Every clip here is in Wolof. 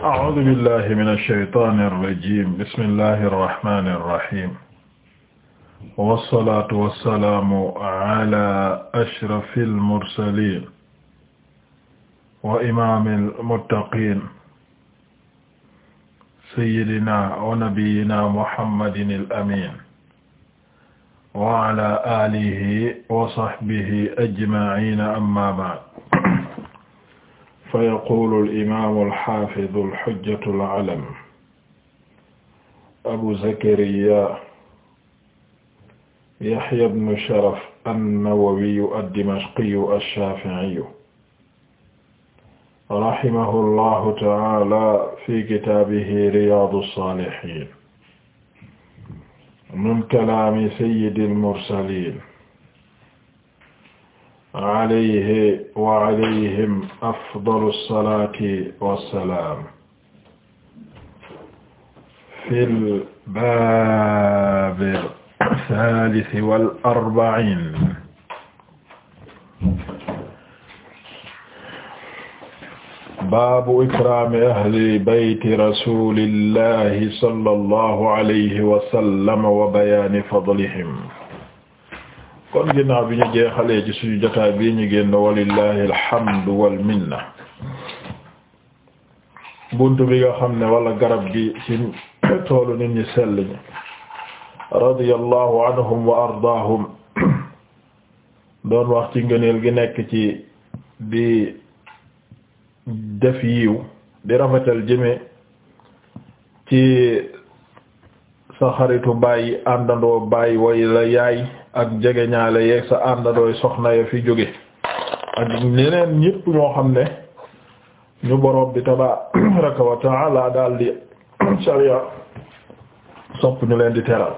a'uuzu billahi mina shaytaani rajiim bismillahi rahmaani rahiim wassalaatu wassalaamu ala ashrafil mursaliin wa imaamil muttaqiin sayyidinaa wa nabiyyinaa muhammadinil amiin wa ala aalihi wa sahbihi ajma'iin amma ba'd fa yaqulu al-imaamu al-haafidu al-hujjatu al-alam abu zakariya yahya ibnu sharaf an-nawawiyu ad-dimashqiyu ash-shaafi'iyu rahimahu llahu ta'aala fi kitaabihi riyaadu s-saalihiin min kalaami sayyidi l-mursaliin alayhi wa alayhim afdalu salaati wa salaam. fil baabi saalisi wal arba'iin. baabu ikraami ahli bayti rasuulillahi sallallahu alayhi wa sallam wa bayaani fadlihim. kon ginnaaw bi ñu jeexalee ci suñu jotaay bi ñu génn walillahi alhamdu wal minna bi nga xam ne wala garab gi ci toolu nit ñi sell ñi radiyallahu anhum wa ardaahum doon wax ci ngëneel gi nekk ci di def yiw di rafetal jëme ci sa xaritu bàyyi àndandoo bàyyi way la yaay ak jegeñaale yeeg sa àndandooy soxna ya fi jóge ak ñeneen ñépp ñoo xam ne ñu boroom bi tabaraka wa taala daal di sharia ñu leen di teral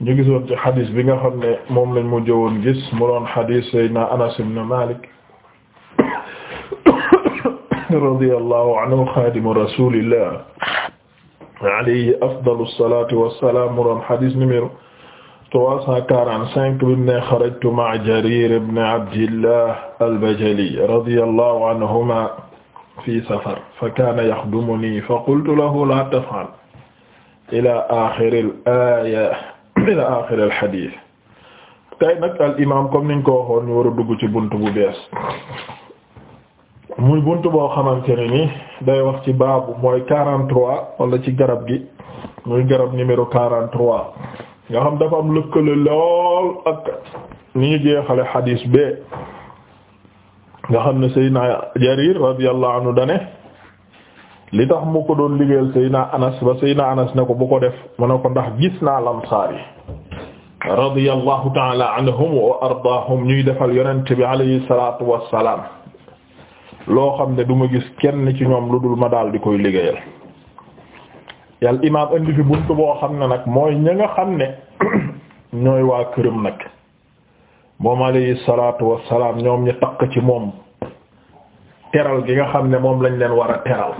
ñu gisoon ci xadis bi xam ne moom lañ mu jëwoon gis mu doon xadis saydna anas ibn malik radiyallahu anhu xadimu rasulillah alayhi afdalu salatu wassalam mu doon xadis numéro trois cent quarante-cinq bi ne xarajtu ma'a Jarir ibn Abdillah al-Bajali radiyallahu anhuma fi safar fa kana yakhdumuni fa qultu lahu la taf'al ila axiril aaya ila axiril xadiis tey nag al imaam comme niñ ko waxoon ñu war a dugg ci bunt bu bees muy buntu boo xamante ne ni day wax ci baabu mooy 43 wala ci garab gi muy garab numéro 43 nga xam dafa am lëkkale lool ak ni ñu jeexale xadiis bee nga xam ne Seydina Jarir radiyallahu anhu dane li tax mu ko doon liggéeyal Seydina Anas ba Seydina Anas ne ko bu ko def mu ne ko ndax gis naa lamsaar yi radiyallahu ta'ala anhum wa ardaahum ñuy defal yonent bi alayhi salaatu wassalaam loo xam ne du ma gis kenn ci ñoom lu dul ma daal di koy liggéeyal yàlla imaam indi fi bunt boo xam ne nag mooy ña nga xam ne ñooy waa këram nag moom alayhi salaatu ñoom ñu moom teral gi nga xam ne moom lañ leen war a teral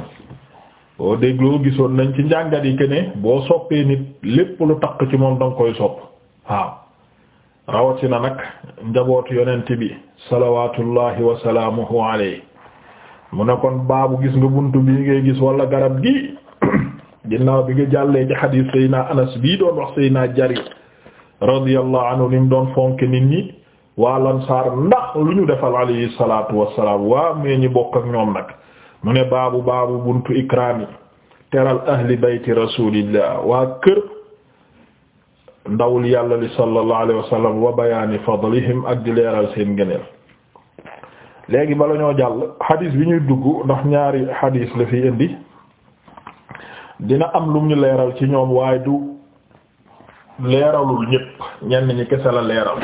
boo dégloo gisoon nañ ci njàngat yi que boo soppee nit lépp lu takk ci moom danga koy sopp waaw rawatina nag njabootu yonent bi salawaatullahi wassalaamuhu alayhi mu ne kon baabu gis nga bunt bi ngay gis walla garab gi ginnaaw bi nga jàllee ci xadiis Seydina Anas bii doon wax Seydina Jarir radiyallahu anhu ni mu doon fonk nit ñi waa Lansaar ndax lu ñu defal alayhi salaatu wassalaam waa mee ñi bokk ak ñoom nag mu ne baabu baabu buntu ikraami teral ahli bayti rasulillah waa kër ndawul yàlla li sallallahu alayhi wasallam wa bayaani fadlihim ak di leeral seen gëneel léegi bala ñoo jàll xadiis bi ñuy dugg ndax ñaari xadiis la fi indi dina am lu ñu leeral ci ñoom waaye du leeralul ñépp ñenn ñi kese la leeral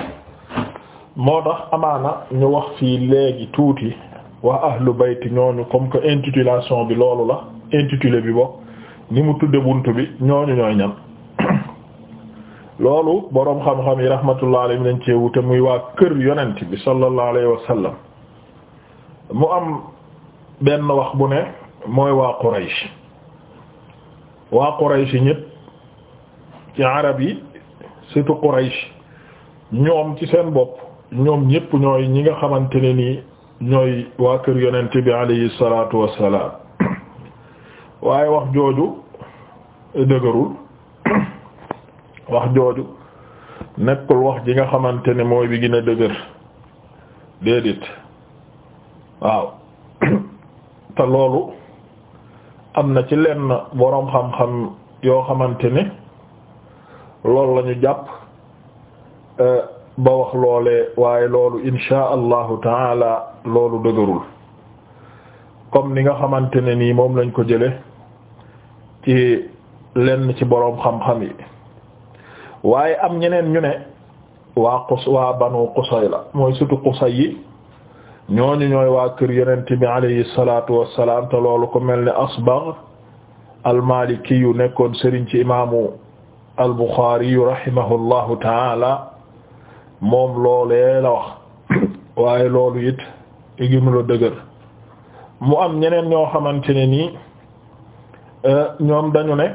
moo tax amaana ñu wax fii léegi tuuti waa ahlu bayt ñooñu comme que intitulation bi loolu la intitulé bi bokk ni mu tudde bunt bi ñooñu ñooy ñan loolu boroom xam-xam yi rahmatullah alayhi nañ ci wute muy waa kër yonent bi sallallahu alayhi wa sallam mu am benn wax bu ne mooy waa Quraysh waa Quraysh ñépp ci arab yi surtout Quraysh ñoom ci seen bopp ñoom ñépp ñooy ñi nga xamante ne nii ñooy waa kër yonent bi alayhi salaatu wassalaam waaye wax jooju dëgërul wax jooju nekkul wax ji nga xamante ne mooy bi gën a dëgër déedéet waaw te loolu am na ci lenn boroom xam-xam yoo xamante ne loolu la jàpp e, ba wax loolee waaye loolu insha allahu taala loolu dëgërul comme ni nga xamante ne nii moom lañ ko jële ci lenn ci boroom xam-xam yi waaye am ñeneen ñu ne waa qus waa banu qusay la mooy surtout qusay yi ñooñu ñooy waa kër yonent bi alayhi salaatu wassalaam te loolu ko mel ni Asbagh al-Maliki yu nekkoon sëriñ ci imaamu al-Bukhari yu rahimahullahu taala moom loolee la wax waaye loolu it iginu la dëgër mu am ñeneen ñoo xamante ne nii e, ñoom dañu ne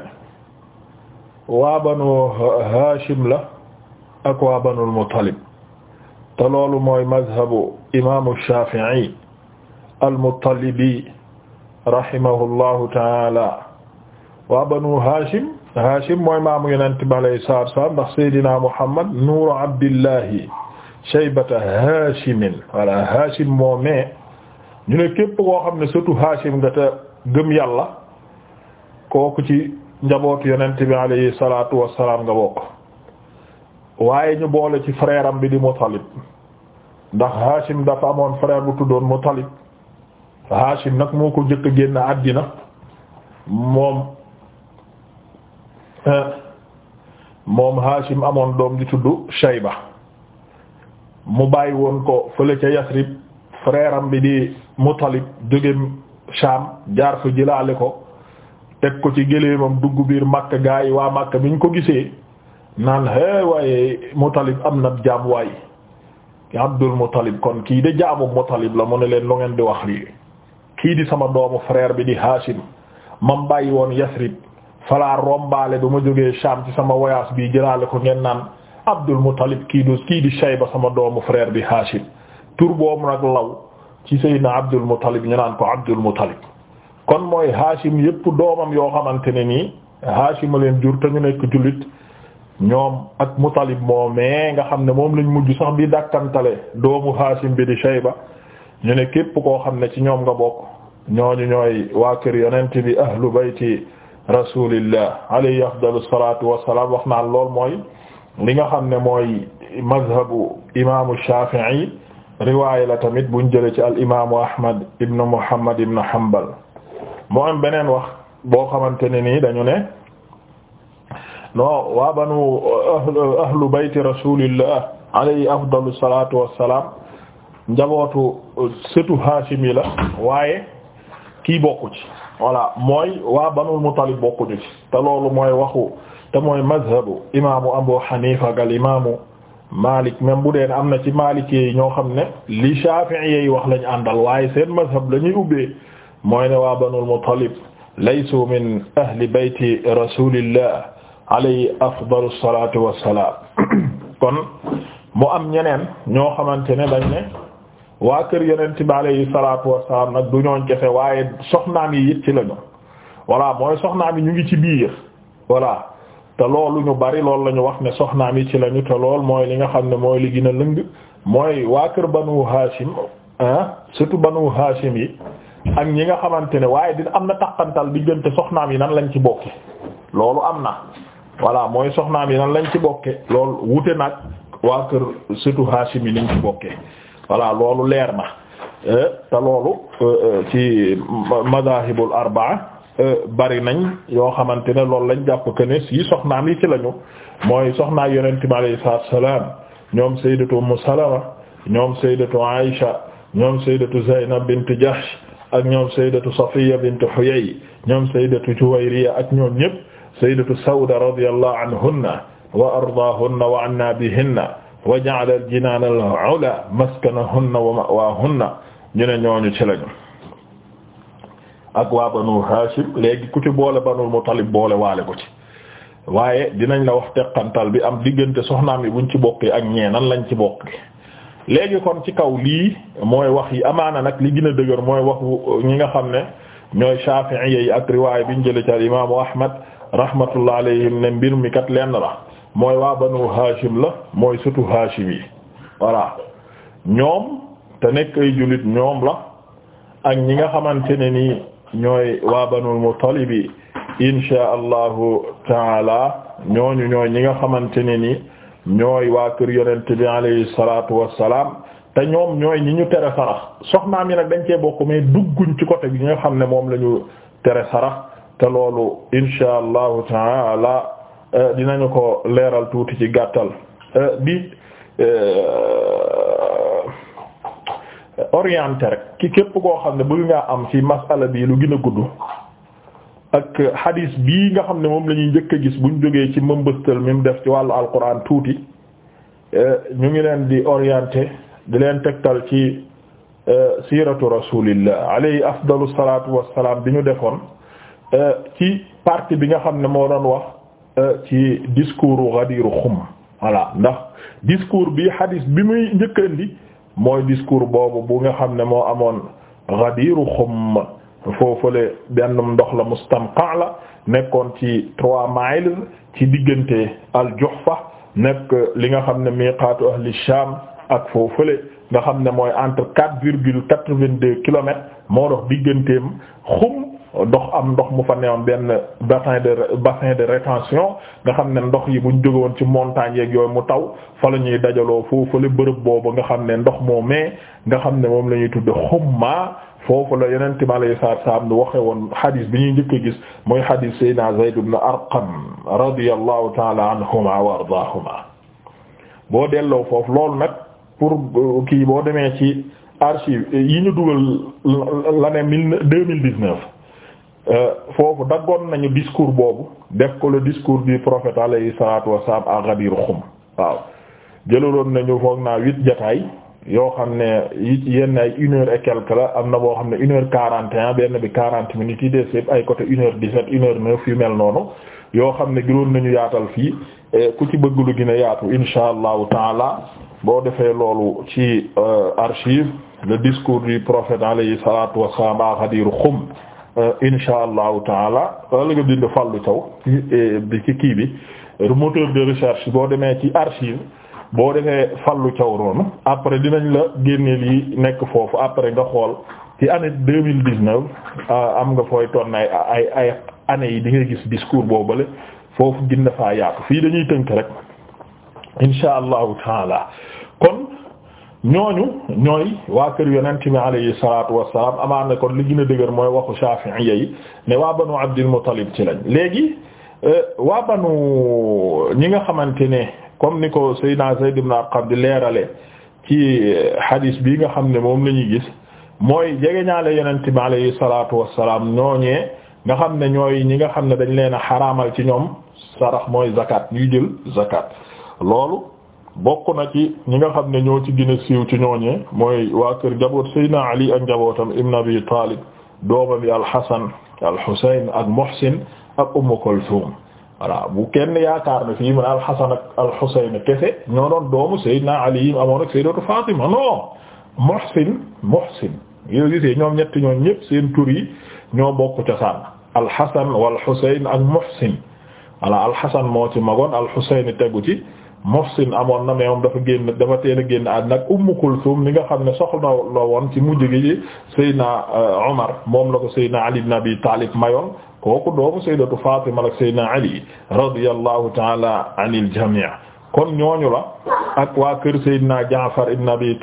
waa banu Haashim la ak waa banul Muttalib te mooy ma imaamu Shaafi'i al-Muttalibi rahimahullahu taala waa banu Haashim Haashim mooy maamu Yonent bi alayhi salaatu wa Muhammad nuuru Abdillahi shaybata Haashimin wala Haashim mee ñu ne képp koo xam ne surtout Haashim nga te gëm yàlla kooku ci njabootu Yonent bi alayhi wa salaam nga bokk. waaye ñu boole ci frère am bi di Mutalib ndax Hachim dafa amoon frère bu tuddoon Mutalib Hachim nag moo ko jëkk a génn àddina moom euh, moom Hachim amoon doom di tudd Shayba mu bàyyi woon ko fële ca Yasrib frère bi di Mutalib jóge Sham jaar fa jëlaale ko teg ko ci géléemam dugg biir màkk gaa yi waa màkk bi ñu ko gisee. naan hee waaye Mutalib am na jaam waay Abdul Mutalib kon kii de jaamu Mutalib la mu ne leen lu ngeen di wax lii kii di sama doomu frère bi di Hashim mam bàyyi woon Yasrib falaa rombaale ba ma jógee Sham ci sama voyage bi jëlaale ko ngeen naan Abdul Mutalib kii du kii di Shayba sama doomu frère bi Hashim tur boobu nag law ci Seydina Abdul Mutalib ñu naan ko Abdul Mutalib kon mooy Hashim yépp doomam yoo xamante ne nii Hashim a leen jur te ñu nekk jullit ñoom ak Mutalib moomee nga xam ne moom lañ mujj sax bi dàkkantale doomu Hashim bi di Shayba ñu ne képp koo xam ne ci ñoom nga bokk ñooñu ñooy waa kër yonent bi ahlu bayti rasulillah alayhi afdalu salatu wax naan lool mooy li nga xam ne mooy mazhabu imaamu Shafi'i riwaaya la tamit bu ñu jële ci al imaamu Ahmad ibn Muhammad ibn Hanbal moo beneen wax boo xamante ne nii dañu ne non waa banu ahlu bayti rasulillah alayhi afdalu salatu wassalam njabootu sëtu Haashim yi la waaye kii bokku ci voilà mooy waa banul Muttalib bokkuñu ci te loolu mooy waxu te mooy mazhabu imaamu Abu Hanifa ak al imaamu Malik même bu deen am na ci Maliki yi ñoo xam ne li Shafi'i yi wax lañ àndal waaye seen mazhab la ñuy ubbee mooy ne waa banul Muttalib laysu min ahli bayti rasulillah alayhi afdalu salaatu wassalaam kon mu am ñeneen ñoo xamante ne dañ ne waa kër yonent bi alayhi salaatu wassalaam nag du ñooñ kese waaye soxnaam yi it ci lañu voilà mooy soxnaam yi ñu ngi ci biir voilà te loolu ñu bari loolu la ñu wax ne soxnaam yi ci lañu te lool mooy li nga xam ne mooy li gën lëng mooy waa kër banu Hashim ah surtout banu Hashim yi ak ñi nga xamante ne waaye dina am na takkantal diggante soxnaam yi nan lañ ci bokki loolu am na voilà mooy soxnaam yi nan lañ ci bokke loolu wute nag waa kër surtout Hashim yi niñ ci bokke voilà loolu leer na eh, te loolu eh, eh, ci madahibul arbaa bari nañ yoo xamante ne loolu lañ jàpp que ne si soxnaam yi ci lañu mooy soxnaa yonent bi ñoom sayyidatu Ummu Salama ñoom sayyidatu Aïsha ñoom sayyidatu Zaynab bint Jahsh ak ñoom sayyidatu Safiya bint Huyay ñoom sayyidatu Juwayriya ak ñoom ñépp sayyidatu Sawda radiyallahu anhunna wa ardaahunna wa anna wa ja'ala al-jinaan al-'ulaa wa ma'waahunna ñu ñooñu ci lañu ak waa banu Haashim léegi ku ci boole banu Mutalib boole waale ko ci waaye dinañ la wax teqantal bi am diggante soxnaam yi buñ ci bokkee ak ñee nan lañ ci bokkee léegi kon ci kaw lii mooy wax yi amaana nag li gën a dëgër mooy waxu ñi nga xam ne ñooy Shaafi'i yi ak riwaaya biñ jëlee ci al imaamu Ahmad rahmatullah alayhim ne mbir mi kat lenn la mooy waa banu la mooy sutu Hachim yi voilà ñoom te nekk ay jullit ñoom la ak ñi nga xamante ne nii ñooy waa banul Muttalib yi insha ñooñu ñooy ñi nga xamante ne ni ñooy waa kër yonent bi alayhi salaatu wassalaam te ñoom ñooy ñi ñu tere sarax soxnaam yi nag dañ cee bokk mais dugguñ ci côté bi nga xam ne moom lañu ñu tere sarax te loolu insha allahu taala eh, dinañu ko leeral tuuti ci gàttal bi eh, eh, orienté rek ki képp koo xam ne bëgg ngaa am ci masala bii lu gën a gudd ak hadis bii nga xam ne moom lañuy ñuy njëkk a gis bu ñu jógee ci mëmbëstal mi mu def ci wàllu alquran tuuti ñu ngi leen di orienté di leen tegtal ci siratu rasulillah alayhi afdalu salatu wasalam bi ñu defoon Euh, ci partie bi nga xam ne moo doon wax euh, ci discours Ghadir Khoum voilà ndax discours bi hadis bi muy njëkkandi mooy discours boobu bu nga xam ne moo amoon Ghadir Khoum foofale benn ndox la mustamqa la nekkoon ci trois miles ci diggante al Juhfa nekk li nga xam ne miqaatu ahli Sham ak foofale nga xam ne mooy entre quatre virgule quatre-vingt-deux kilomètres moo dox digganteem Khoum ndox am ndox mu fa newoon benn bassin de bassin de rétention nga xam ne ndox yi buñ jógewoon ci montagne yeeg yooyu mu taw fa la ñuy dajaloo foofu la bërëb boobu nga xam ne ndox moo mais nga xam ne moom la ñuy tudde xumma foofu la yeneen timalay saar saam nu waxe woon xadis bi ñuy njëkk a gis mooy xadis Seydina Zayd ibn Arqam radiyallahu taala anhuma wa ardaahuma boo delloo foofu loolu nag pour euh, kii boo demee ci archive yi ñu dugal l'année mil deux mille dix-neuf Euh, foofu daggoon nañu discours boobu def ko le discours du prophète alayhi salatu wassalam à Ghadir Khoum waaw jëlaloon nañu foog naa huit jataay yoo xam ne yenn ay une heure quelque la am na boo xam ne une heure quarante benn bi quarante minutes yi des yëpp ay côté une heure dix-sept une yu mel noonu yoo xam ne gënoon nañu yaatal fii ku ci bëgg lu gën a yaatu insha allahu taala boo defee loolu ci euh, archive le discours du prophète alayhi salatu wassalam à Ghadir Khoum Euh, insha allahu taala wala nga bind Fallou Thiaw ci eh, ci kii bi euh, moteur de recherche boo demee ci archive boo defee Fallou Thiaw noonu après dinañ la génneel yi nekk foofu après nga xool ci année deux mille dix-neuf euh, am nga fooy ton ay ay ay années yi di nga gis discours boobale foofu gin na yàqu fii dañuy tënk rek insha allahu taala ñooñu ñooy waa kër yonent bi alayhi salaatu wassalaam amaana kon li gën a dëgër mooy waxu Shafi'iyya yi ne waa banu Abdul Muttalib ci lañ léegi euh, waa banu ñi nga xamante ne comme ni ko Seydina Zayd ibn Arqam di leerale ci euh, hadith bi nga xam ne moom la ñuy gis mooy jegeñaale yonent bi alayhi salaatu wassalaam ñooñee nga xam ne ñooy ñi nga xam ne dañ leen a xaraamal ci ñoom sarax mooy zakat ñuy jël zakat loolu bokk na ci ñi nga xam ne ñoo ci gën a ci ñooñee mooy waa kër njaboot Seydina Ali ak njabootam Ibn Abi Talib doomam yi al-Hasan al-Husayn ak Muhsin ak Umm Kulthum voilà bu kenn yaakaar na fii mu ne al-Hasan ak al-Husayn kese ñoo doon doomu Seydina Ali yi amoon ak Sayyidatu Fatima ñoom ñett ñoom ñëpp seen tur yi ñoo bokk cosaan al-Hasan wal-Husayn ak Muhsin voilà al-Hasan moo ci magoon al-Husayn tegu ci. Muhsin amoon na mais moom dafa génn dafa teel a génn àddina ak Ummu Kulthum li nga xam ne soxla la woon ci mujj gi Seydina euh, Omar moom la ko Seydina Ali ibn Abi Talib mayoon kooku doomu Sayyidatu Fatima ak Seydina Ali radiyallahu ta'ala anil jami' kon ñooñu ak waa kër Seydina Jaafar ibn Abi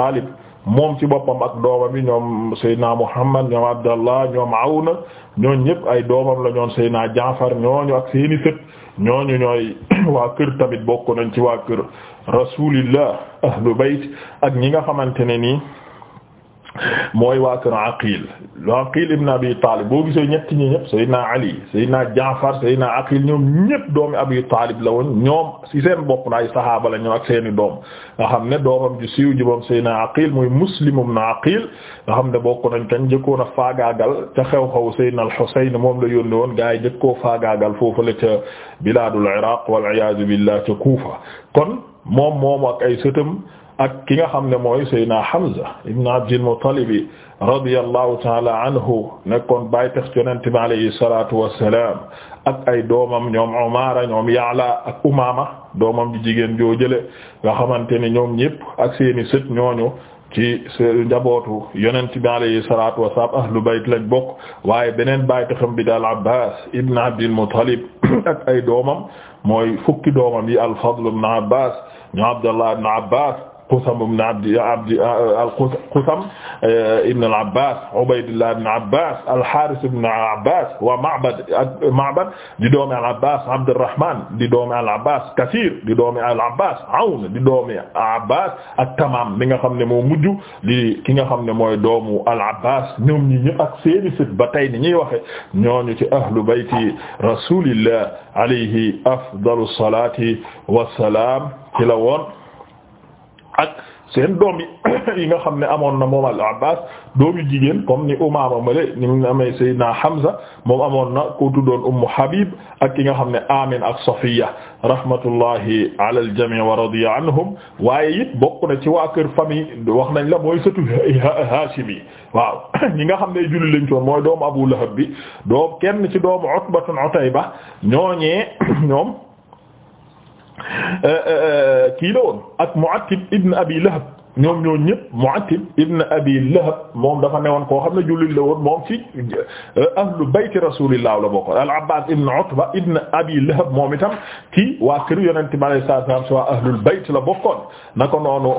Ali moom ci boppam ak bi ñoom Seydina Muhammad ñoom Abdallah ñoom Awna ñooñ ñëpp ay doomam la ñoon Seydina Jaafar ñooñu ak seeni sët ñooñu ñooy waa kër tamit bokk nañ ci waa kër rasulillah ahlu bayt ak ñi nga xamante ne nii mooy waa kër Aqil Aqil ibn Abi Talib boo gisee ñett ñi ñëpp Seydina Ali Seydina Jaafar Seydina Aqil ñoom ñëpp doomi Abi Talib la woon ñoom ci seen bopp na ay saxaaba la ñoom ak seeni doom nga xam ne doomam ju siiw ji moom Seydina Aqil muy Muslim ibn Aqil nga xam ne bokk nañ kañ njëkkoon a faagaagal ca xew-xew Seydina al-Husayn moom la yónni woon gaa yi njëkkoo faagaagal foofu la ca bilaadul Iraq wal iyaadu billah ca Kuufa ak ki nga xam ne mooy Seydina Hamza ibn Abdil Muttalib radiyallahu taala anhu nekkoon bàyyi tax yonent bi alayhi salaatu wassalaam ak ay doomam ñoom Umaara ñoom Ya'la ak Umaama doomam di jigéen joojële nga xamante ne ñoom ñëpp ak seeni sët ñooñu ci njabootu yonent bi alayhi salaatu wassalaam ahlu bayt lañ bokk waaye beneen bàyyi taxam bi daal Abbaas ibn Abdil mooy fukki yi al-Fadl ibn Abbaas Qusam ibn Abdi Abdi ah, Qusam eh, ibn al-Abbas Ubaydullah ibn Abbas al-Harith ibn Abbas wa Ma'bad Ma'bad di doomi al-Abbas Abdurrahman di doomi al-Abbas Kathir di doomi al-Abbas Awn di doomi al-Abbas ak Tamam mi nga xam ne moo mujj di ki nga xam ne mooy doomu al-Abbas ñoom ñi ñëpp ak seeni sët ba tey ni ñuy waxe ñooñu ci ahlu bayti rasulillah alayhi afdalu salati wassalam ci la woon ak seen doom yi nga xam ne amoon na moom al Abbas doomi yu jigéen comme ni Umaama male ni mu amee Seydina Hamza moom amoon na ku tuddoon Ummu Habib ak ki nga xam ne Amin ak Safiya rahmatullahi ala al jami' wa radiya anhum waaye bokk na ci waa kër famille wax nañ la mooy sëtu yi waaw ñi nga xam ne julli lañ coon mooy doomu Abu Lahab bi doom kenn ci doomu Utbatun Utayba ñooñee ñoom Euh, euh, euh, kii la woon ak Mu'attib ibn Abi Lahab ñoom ñoo ñëpp Mu'attib ibn Abi Lahab moom dafa newoon koo xam ne jullit la woon moom ci ahlu bayti Rasulillah la bokk al-Abbas ibn Utba ibn Abi Lahab moom itam kii waa kër Yonent bi alayhi salaatu wa salaam si waa ahlul bayt la bokkoon na ko noonu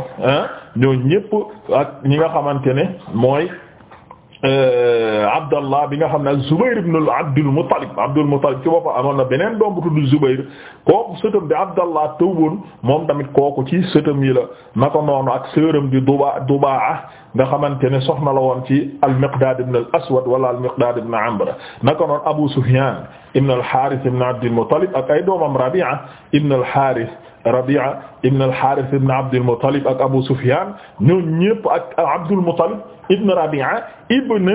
ñoo ñëpp ak ñi nga xamante ne mooy Euh, Abdallah bi nga xam ne ak Zubayr ibn Abdul Muttalib Abdul Muttalib ci boppam amoon na beneen doom bu tudd Zubayr kooku sëtam bi Abdallah tëwoon moom tamit kooku ci sëtam yi la na ko noonu ak sëram di Duba Dubaa nga xamante ne soxna la woon ci al-Miqdad ibn al-Aswad wala al-Miqdad ibn Amr na ko noonu Abu Sufyan ibn al-Harith ibn Abd al-Muttalib ak ay doomam Rabi'a ibn al-Harith Rabi'a ibn al-Harith ibn Abd al-Muttalib ak Abu Sufyan ñoo ñépp ak Abdul Muttalib ibn Rabi'a ibn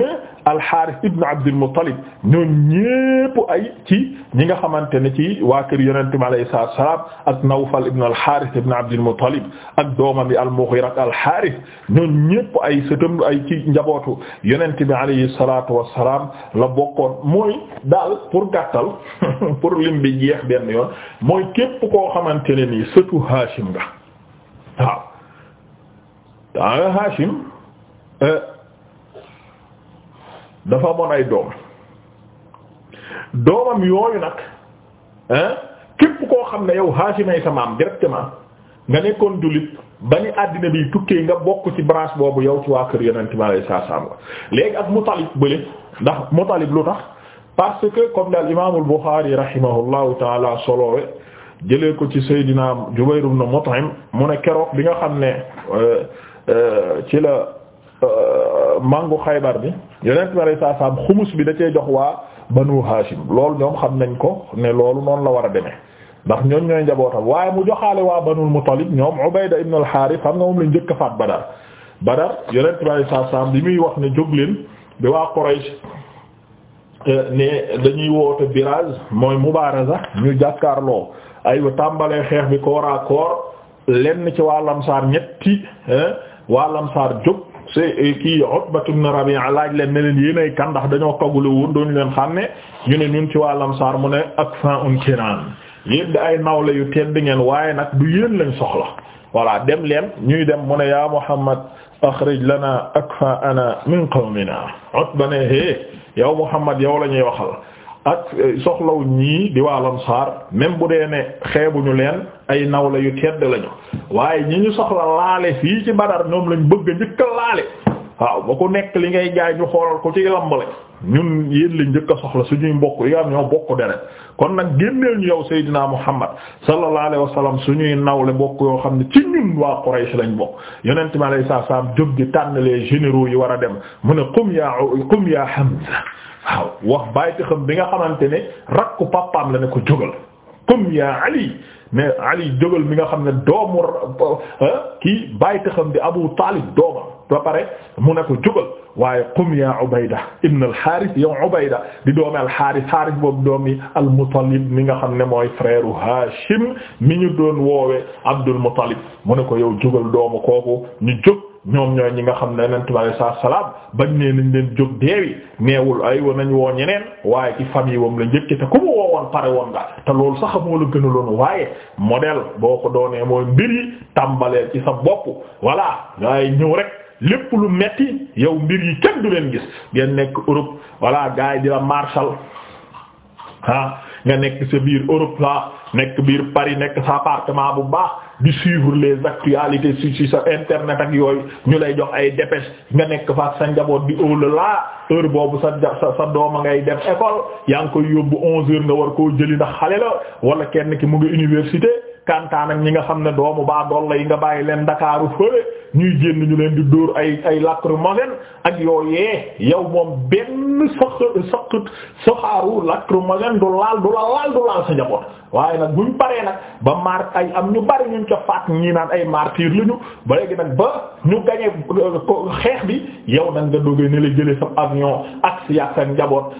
alxaaris ibn abdul muttalib ñoo ñépp ay ci ñi nga xamante ne ci waa kër yonente mi alayhi salaatu salaam ak nawfal ibn alxaaris ibn abdul muttalib ak doomam bi almughira ak alxaaris ñoo ñépp ay sëtam ay ci njabootu yonente bi alayhi salaatu wassalaam la bokkoon mooy daal pour gàttal pour lim bi jeex benn yoon mooy képp koo xamante ne nii sëtu Haashim nga waaw Haashim euh, dafa amoon ay doom doomam yooyu nag ah képp koo xam ne yow Hashimay sa maam directement nga nekkoon julit ba ni àddina bi tukkee nga bokk ci branche boobu yow ci waa kër yonent mi alayhi salaam nga léegi ak Mutalib bële ndax Mutalib lu tax parce que comme daal imaamul Bukhari rahimahullahu taala soloowe jëlee ko ci Seydina Jubayr ibn Mut'im mu ne keroog bi nga xam ne euh, euh, ci la. Euh, mangu xaybar bi yonent bi saa saam xumus bi da cee jox waa banu hashim loolu ñoom xam nañ ko ne loolu noonu la war a demee ndax ñoom ñooy njabootam waaye mu joxaale waa banul mutalib ñoom ubayda ibn al harith xam nga moom lañ jëkk faat badar badar yonent bi saa saam bi muy wax ne jóg leen bi waa quraysh euh, ne dañuy woote virage mooy mubaaraza ñu jàkkaarloo ayu tàmbalee xeex bi koor à koor ci waa lamsaar ñetti waa lamsaar jóg c'est kii Utbat ibn Rabi'a laaj leen ne leen yéenay kan ndax dañoo kagule woon doon leen xam ne ñu ne ñun ci waa Ansaar mu ne akfa'un kiram yéen da ay nawle yu tedd ngeen waaye nag du yéen lañ soxla voilà dem leen ñuy dem mu ne yaa Muhammad akhrij lana akfa'ana min qawmina Utba ne hé yow Muhammad yow la ñuy waxal ak eh, soxlaw ñii di waa lansaar même bu dee ne xeebuñu leen ay nawle yu tedd lañu waaye ñi ñu soxla laale fii ci Badar ñoom lañ bëgg a njëkk laale waaw ba ku nekk li ngay jaay ñu xoolal ko ci lambale ñun yéen lañ njëkk a soxla suñuy mbokk yi nga xam ñoo bokk kon nag génneel ñu yow Seydina Muhammad sallallahu alayhi wa sallam suñuy nawle bokk yoo xam ne ci ñun waa Quraysh lañ bokk yonent mi alayhi salaam jóg di tànn les yi war a dem mu ne qum yaa qum yaa Hamza waaw wax bàyyita bi nga xamante ne rakku papaam la ne ko jógal comme yaa ali mais ali mi nga xam ne doomu euh, kii bàyyita xam di abu taalib doomam ba pare mu ne ko jógal waaye qum yaa ubayda ibn alxaaris yow ubayda di doomi alxaaris xaaris boobu doomi almutalib mi nga xam ne mooy frère hashim mi ñu doon woowe abdul mutalib mu ne ko yow jógal doomu kooku ñu jóg ñoom ñooy ñi nga xam ne yonent bi alayhi salaatu salaam bañ ne nañ leen jóg deewi neewul ay wa nañu woo ñeneen waaye ci famille woom la njëkk te ku mu woo woon pare woon nga te lool sax moo la gën a loon waaye modèle boo ko doonee mooy mbir yi tàmbalee ci sa bopp voilà waaye ñëw rek lépp lu metti yow mbir yi kenn du leen gis ngeen nekk Europe voilà gaa yi di la marshal ah nga nekk sa biir Europe la nekk biir Paris nekk sa appartement bu baax di suivre les actualités ci si sa internet ak yooyu ñu lay jox ay dépêche nga nekk fa sa njaboot di au la heure boobu sa sa sa dooma ngay dem école yaa ngi koy yóbbu 11 heures nga war koo jëli ndax xale la wala kenn ki mu ngi université. kantaan ak ñi nga xam ne doomu baa dolla yi nga bàyyi leen ndakaaru fële ñuy génn ñu leen di dóor ay ay lacrymogène ak yooyee yow moom benn sox sox soxaaru lacrymogène du laal du la laal sa njaboot waaye nag buñ paree nag ba mar am ñu bari ñun ca faat naan ay martyr lañu ba léegi nag ba ñu gañee xeex bi yow nag nga dogee ne la jëlee sa ak si yàq sa njaboot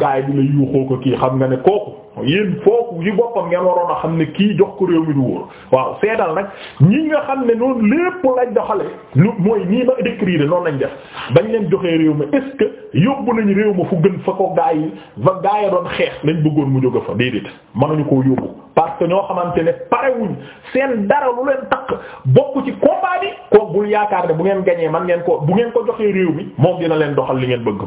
gaay bi la yuuxoo ko kii xam nga ne kooku yéen foofu yi boppam ngeen waroon a xam ne kii jox ko réew mi du wóor waaw seetal nag ñi nga xam ne noonu lépp lañ doxale lu mooy nii ma décrire noonu lañ def bañ leen joxee réew mi est-ce que yóbbu nañ réew ma fu gën fa ko gaa yi fa gaa doon xeex lañ bëggoon mu jóge fa déedéet mënuñu ko yóbbu parce que ñoo xamante ne parewuñ seen dara lu leen takk bokk ci combat bi kooku bul yaakaar ne bu ngeen gañee man ngeen ko bu ngeen ko joxee réew mi moo dina leen doxal li ngeen bëgg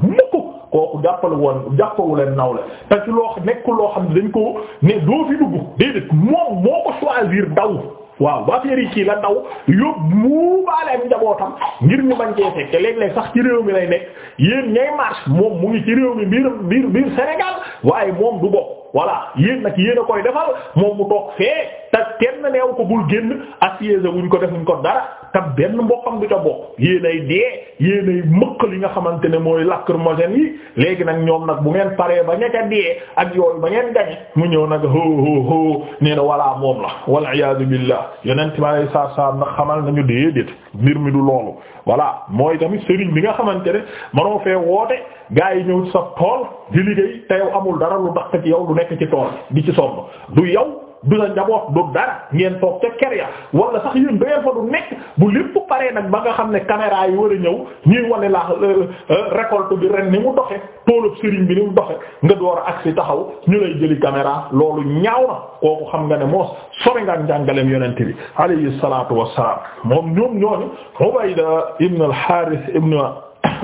kooku jàppale woon jàppawu leen nawle te ci loo nekkul loo xam dañ ko ne doo fi dugg déedéet moom moo ko choisir daw waaw ba affaire yi kii la daw yóbbu mu baale ak njabootam ngir ñu bañ cee fekke léeg sax ci réew mi lay nekk yéen ñay marche moom mu ngi ci réew mi biir biir biir Sénégal waaye moom du voilà yéen nag yéen a koy defal moom mu toog fee te kenn neew ko bul génn assiégé wuñ ko defuñ ko dara te benn mbokkam du ca bokk yéen ay dee yéen ay mëq li nga xamante ne mooy lacrymogène yi léegi nag ñoom nag bu ngeen paree ba nga ca dee ak yooyu ba ngeen gañe mu ñëw nag hoo hoo hoo nee na voilà moom la wal iyaadu billah yeneen tubaab yi saa saa nag xamal nañu déedéet mbir mi du loolu. voilà mooy tamit sëriñ bi nga xamante ne manoo fee woote gaa yi ñëw sa tool di liggéey te yow amul dara lu tax ci yow du nekk ci tool di ci sonn du yow du sa njaboot du dara ngeen toog ca kër ya sax yéen da du nekk bu lépp paree nag ba nga xam ne caméra yi war a ñëw ñuy wane la euh, euh, récolte bi ren ni mu doxe toolub sëriñ bi ni mu doxe nga door a agsi taxaw ñu lay jëli caméra loolu ñaaw na kooku xam nga ne moos sori nga ak njàngaleem yonent bi alayhi salaatu wassalaam moom ñoom ñooñu Ubayda ibn al-Harith ibn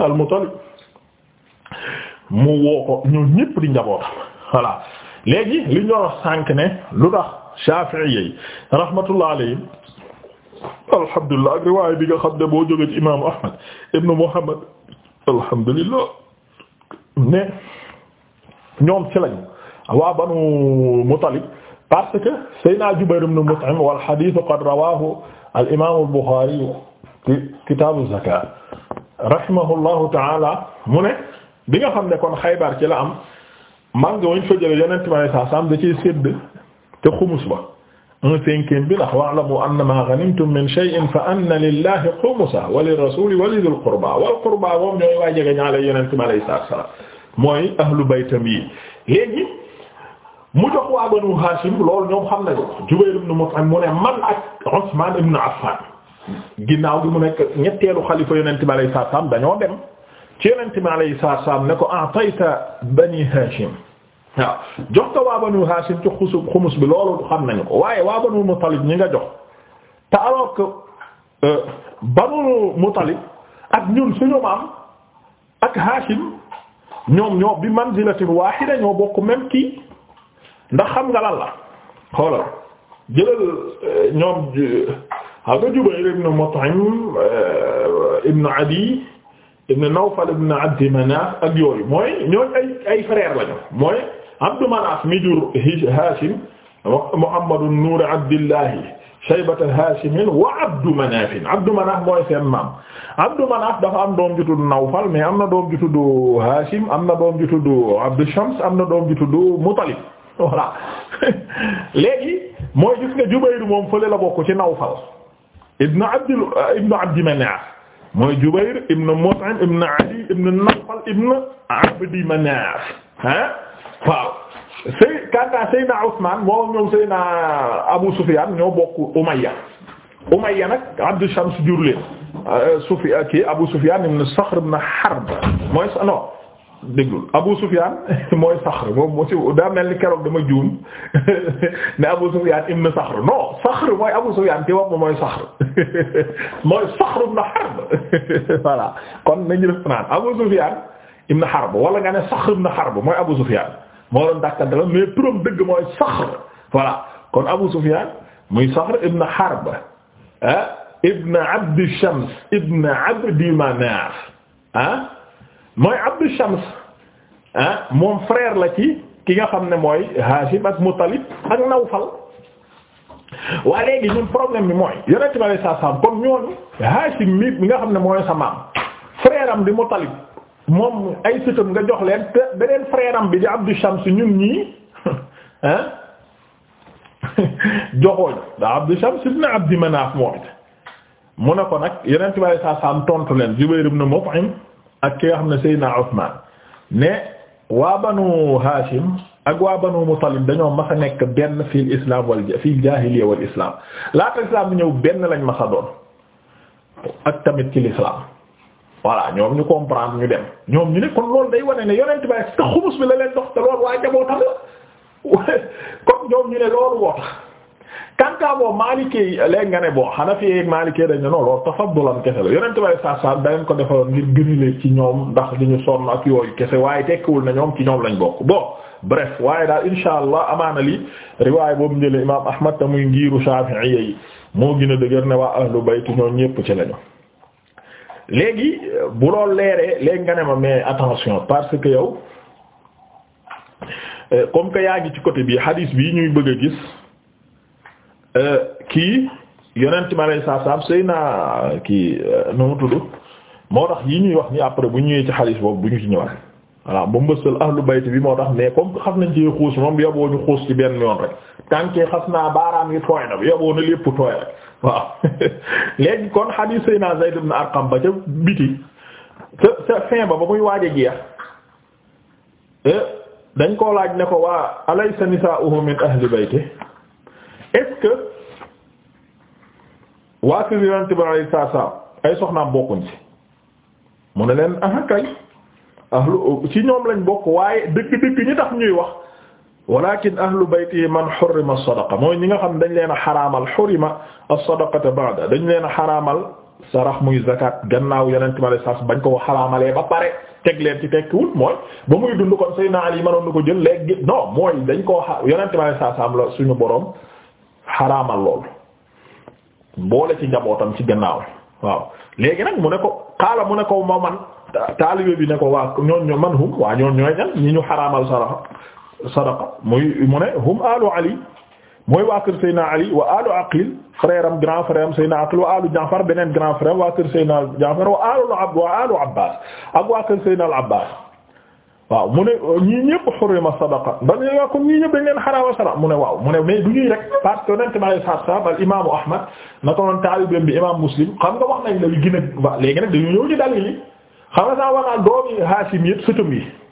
al-Muttalib mu woo ko ñoo ñépp di njabootam voilà léegi li ñu wax sànq ne lu tax Shafi'i rahmatullah alayhi alhamdulilah ak riwaay bi nga xam ne boo jógee ci imaamu Ahmad ibnu Muhammad alhamdulilah ne ñoom ci lañu waa banu Mutalib parce que Seydina Jubayr ibn Mut'im wal hadith qad rawahu al imaam al Bukhari ci kitaabu zakaat rahimahullahu ta'ala mu ne bi nga xam ne kon Xaybar ci la am. mango wañ fa jële yonent ma ne saa saam da te xumus ba un cinquième bi ndax wa'lamu annama ghanimtum min shay'in fa anna lillahi xumusa wa lirrasuli wa lidhil qurba wal qurba moom ñooy waa jege ñaale yonent ma lay salaam mooy ahlu baytam yi léegi mu jox waa Banu Hashim loolu ñoom xam nañu Jubayr ibn Mut'im mu ne man ak Usman ibn Affan ginnaaw gi mu nekk ñetteelu xalifa yonent ma lay saa saam dañoo dem ci yonent ma lay saa ne ko a'tayta bani Hashim waaw jox ka waa Banu Hashim ci xusu bi loolu xam nañu ko waaye waa Banu Muttalib ñi nga jox te alors que euh, Banu Muttalib ak ñun suñu maam ak Hashim ñoom ñoo bi manzilatin wahida ñoo bokk même kii ndax xam nga lan la xoolal jëlal euh, ñoom euh, xam nga Jubayr ibn Mut'im Adi ibn Nawfal mooy ay ay la lañu mooy Abdu Manaaf mi jur Haashim Muhammadu nuuri Abdillahi shaybata Haashimin wa Abdu Manaafin Abdu Manaaf mooy seen maam Abdu Manaaf dafa am doom ju tudd Nawfal mais am na doom ju tudd Haashim am na doom ju tudd Abdu Shams am na doom ju tudd Mutalib voilà léegi mooy gis nga Jubayru moom fële la bokk ci Nawfal ibnu Abdi ibnu Abdi Manaaf mooy Jubayr ibn Mut'im ibn Ali ibn Nawfal ibn Abdi Manaaf ah waaw sëy kanta Seydina Usmaan moo ñoom Seydina Abu Sufyaan ñoo bokk Umayya Umayya nag Abdu Shams jur leen euh, Sufi euh, kii Abu Sufyaan ibn Saxr ibn Harb mooy non déglul Abu Sufyaan mooy Saxr moom moo ci daa mel ni keroog dama juum ne Abu Sufyaan ibn Saxr non Saxr mooy Abu Sufyaan te wax mooy Saxr mooy Saxr ibn Harb voilà kon nañu def naan Abu Sufyaan ibn Harb wala nga ne Saxr ibn Harb mooy Abu Sufyaan moo doon dàkkante la mais turam mooy Saxr voilà kon Abu Sufyan muy Saxr ibn Harb ah ibn Abd Shams ibn Abd Manaf ah mooy Abd Shams ah moom frère la ci ki nga xam ne mooy Hashim ak Muttalib ak Nawfal waa léegi ñun problème bi mooy yonent bi sallallahu alayhi wasallam kon ñooñu Hashim mi nga xam ne mooy sa maam am di Muttalib moom ay sëtam nga jox leen te beneen frère bi di Abdou Shams ñun ñii ah joxooñ daa Abdou Shams ibn Abdi Manaf moo mu ne ko nag yeneen ci bari saa saam tontu leen Jubayr ak ki nga xam ne Seydina Usman ne waa banu Hashim ak waa banu Muttalib dañoo mas a nekk benn fil islam wal fil jaahiliya wal islam laata islam ñëw benn lañ mas a doon ak tamit ci voilà ñoom ñu comprendre ñu dem ñoom ñu ne kon loolu day wane ne yonent bi est-ce que xumus bi la leen dox te loolu waa jabootam la comme ñoom ñu ne loolu woo tax kankaa boo maalikee yi nga ne boo Hanafi yeeg maalikee dañ ne non loolu tafaddulan kese la yonent bi saa saa da ko defaloon ngir gënulee ci ñoom ndax li ñu sonn ak yooyu kese waaye tekkiwul na ñoom ci ñoom lañ bokk bon bref waaye daal insha allah amaana li riwaay boobu njële imaam Ahmad tamuy ngiiru Shafi'i moo gën a dëgër ne waa ahlu bayt ñoo ñépp ci lañu léegi bu loolu leeree léegi nga ne ma mais attention parce que yow euh, comme que yaa ngi ci côté bii hadis bi ñuy bëgg a gis euh, kii yonent ma lay saa saam sëy naa kii euh, nu mu tudd moo tax yi ñuy wax ni après bu ñëwee ci hadis boobu bu ñu ci ñëwaat voilà ba mbësal ahlu bayt bi moo tax mais comme que xam nañ ci xuus moom yoboo ñu xuus ci benn yoon rek tànkee xas naa baaraam yi tooy na yoboo na lépp tooy rek waaw léegi kon xadiis sayna Zayd ibn Arqam ba ca biti ca ca fin ba ba muy waaj a jeex e, dañ koo laaj ne ko waa alaysa nisaa'uhu min ahli bayti est-ce que waa kër yonent bi alayhi salaam ay soxnaam bokkuñ ci mu ne leen ah kay ahlu ci ñoom lañ bokk waaye dëgg-dëgg ñi tax ñuy wax. walakin ahlu baytihi man xurima sadaqa mooy ñi nga xam dañ leen a xaraamal xurima as-sadaqata ba'da dañ leen a xaraamal sarax muy zakat gannaaw yeneen tamale sax bañ ko xaraamalee ba pare teg leen ci tekkiwul mooy dund kon Seydina Ali mënoon na ko jël léegi non dañ koo xa yeneen tamale sax am la suñu borom xaraamal lool boole ci njabootam ci gannaaw waaw nag mu ne ko xaala mu ne ko ma man taalibe bi ne ko waa ñooñu man hum waa ñooñu ñooy ñan ñu xaraamal sarax. sadaqa muy mu ne hum alu ali mooy waa kër Seyna Ali wa alu Aqil frère am grand frère am Seyna Aqil wa alu Jaafar beneen grand frère am waa kër Seyna Jaafar wa alu ab wa alu Abbas ak waa kër Seyna al Abbas waaw mu ne ñii ñëpp xurima sadaqa ba ñu waa comme ñii ñëpp dañ leen xaraama sadaqa mu ne waaw mu ne mais du ñuy rek parce que Yonent bi alayhi salaatu wa salaam al imaamu Ahmad naka noonu taalibeem bi imaam Muslim xam nga wax nañ la yu gën a waa léegi nag dañu ñëw ci dalil yi xam nga saa wax naa doomi Haashim yëpp sëtam yi